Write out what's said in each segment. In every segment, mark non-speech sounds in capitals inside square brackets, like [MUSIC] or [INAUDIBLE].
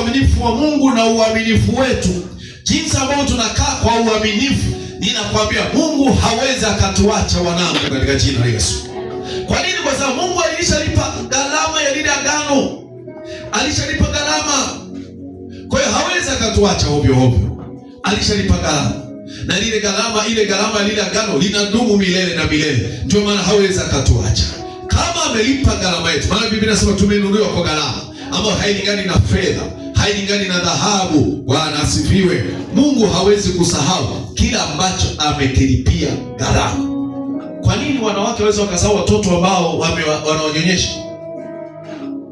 uaminifu wa Mungu na uaminifu wetu, jinsi ambavyo tunakaa kwa uaminifu, ninakwambia Mungu hawezi akatuacha wanangu, katika jina la Yesu. Kwa nini? Kwa sababu Mungu alishalipa gharama ya lile agano, alishalipa gharama. Kwa hiyo hawezi akatuacha ovyo ovyo, alishalipa gharama na lile gharama, ile gharama ya lile agano linadumu milele na milele. Ndio maana hawezi akatuacha kama amelipa gharama yetu, maana Biblia inasema tumenunuliwa kwa gharama ambayo hailingani na fedha hailingani na dhahabu. Bwana asifiwe. Mungu hawezi kusahau kila ambacho amekilipia gharama. Kwa nini wanawake waweza wakasahau watoto ambao wanaonyonyesha?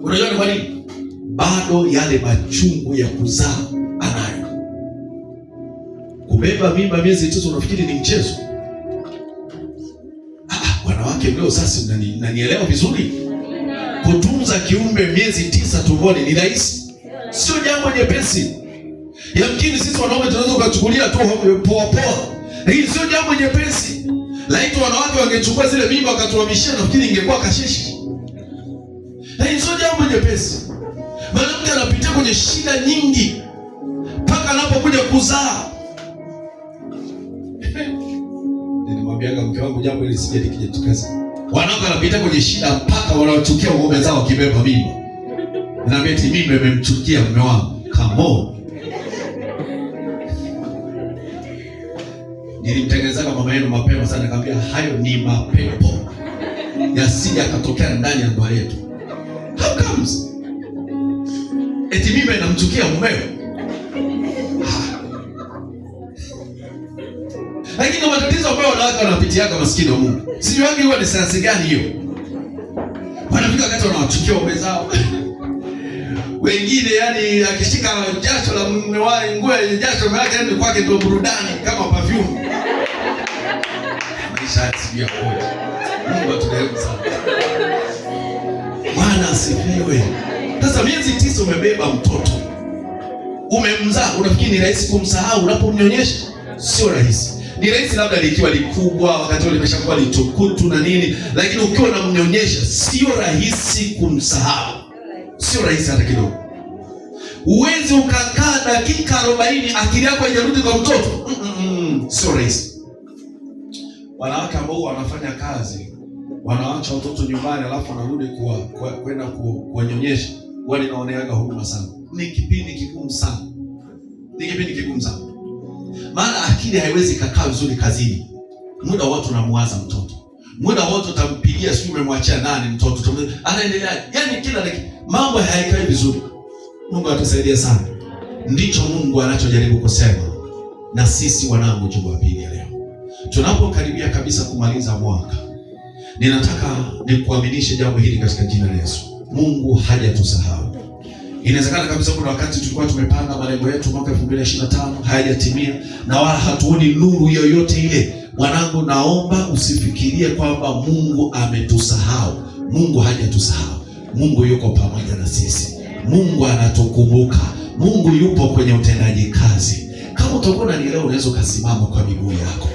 Unajua ni kwa nini? Bado yale machungu ya kuzaa anayo. Kubeba mimba miezi tisa, unafikiri ni mchezo? Ah, ah wanawake mleo sasa, nanielewa vizuri. Kutunza kiumbe miezi tisa tumboni ni rahisi sio jambo jepesi. Yamkini sisi wanaume tunaweza ukachukulia tu eh, poa poa, lakini sio jambo jepesi. Laiti wanawake wangechukua zile mimba wakatuhamishia, nafikiri ingekuwa kasheshi. lakini sio jambo jepesi. Mwanamke anapitia kwenye shida nyingi mpaka anapokuja kuzaa. [LAUGHS] Nilimwambianga mke wangu jambo hili sije likija tukaza. Wanawake wanapitia kwenye shida mpaka wanaochukia waume zao wakibeba mimba Naambia eti mimi nimemchukia mume wangu. Come on. Nilimtengenezea mama yenu mapema sana, nikamwambia hayo ni mapepo yasija yakatokea ndani ya ndoa yetu. How comes? Eti mimi namchukia mumeo. Lakini kama tatizo ambayo wanawake wanapitiaga, maskini wa Mungu, Sijui wangi huwa ni sayansi gani hiyo, wanafika wakati wanawachukia waume wengine yani akishika jasho la mume wake, nguo ya jasho lake, ndio kwake ndio burudani kama perfume. Maisha ya kweli. Mungu atuelewe sana. Bwana asifiwe. Sasa miezi tisa umebeba mtoto. Umemzaa, unafikiri ni rahisi kumsahau unapomnyonyesha? Sio rahisi. Ni rahisi labda likiwa likubwa, wakati ule limeshakuwa litukutu na nini, lakini ukiwa unamnyonyesha sio rahisi kumsahau sio rahisi hata kidogo. Uwezi ukakaa dakika arobaini akili yako haijarudi kwa mtoto mm -mm, sio rahisi. Wanawake ambao wanafanya kazi wanawacha watoto nyumbani, alafu wanarudi kwenda kuwanyonyesha, huwa ninaoneaga huruma sana. Ni kipindi kigumu sana, ni kipindi kigumu sana, maana akili haiwezi ikakaa vizuri kazini, muda wote unamwaza mtoto muda wote utampigia, sijui umemwachia nani mtoto, anaendelea yani kila like, mambo hayakai vizuri. Mungu atusaidie sana, ndicho Mungu anachojaribu kusema na sisi wanangu. Jumapili ya leo tunapokaribia kabisa kumaliza mwaka, ninataka nikuaminishe jambo hili katika jina la Yesu. Mungu hajatusahau. Inawezekana kabisa kuna wakati tulikuwa tumepanga malengo yetu mwaka 2025 hayajatimia na wala hatuoni nuru yoyote ile. Mwanangu, naomba usifikirie kwamba Mungu ametusahau. Mungu hajatusahau. Mungu yuko pamoja na sisi. Mungu anatukumbuka. Mungu yupo kwenye utendaji kazi. Kama utakuwa leo unaweza ukasimama kwa miguu yako.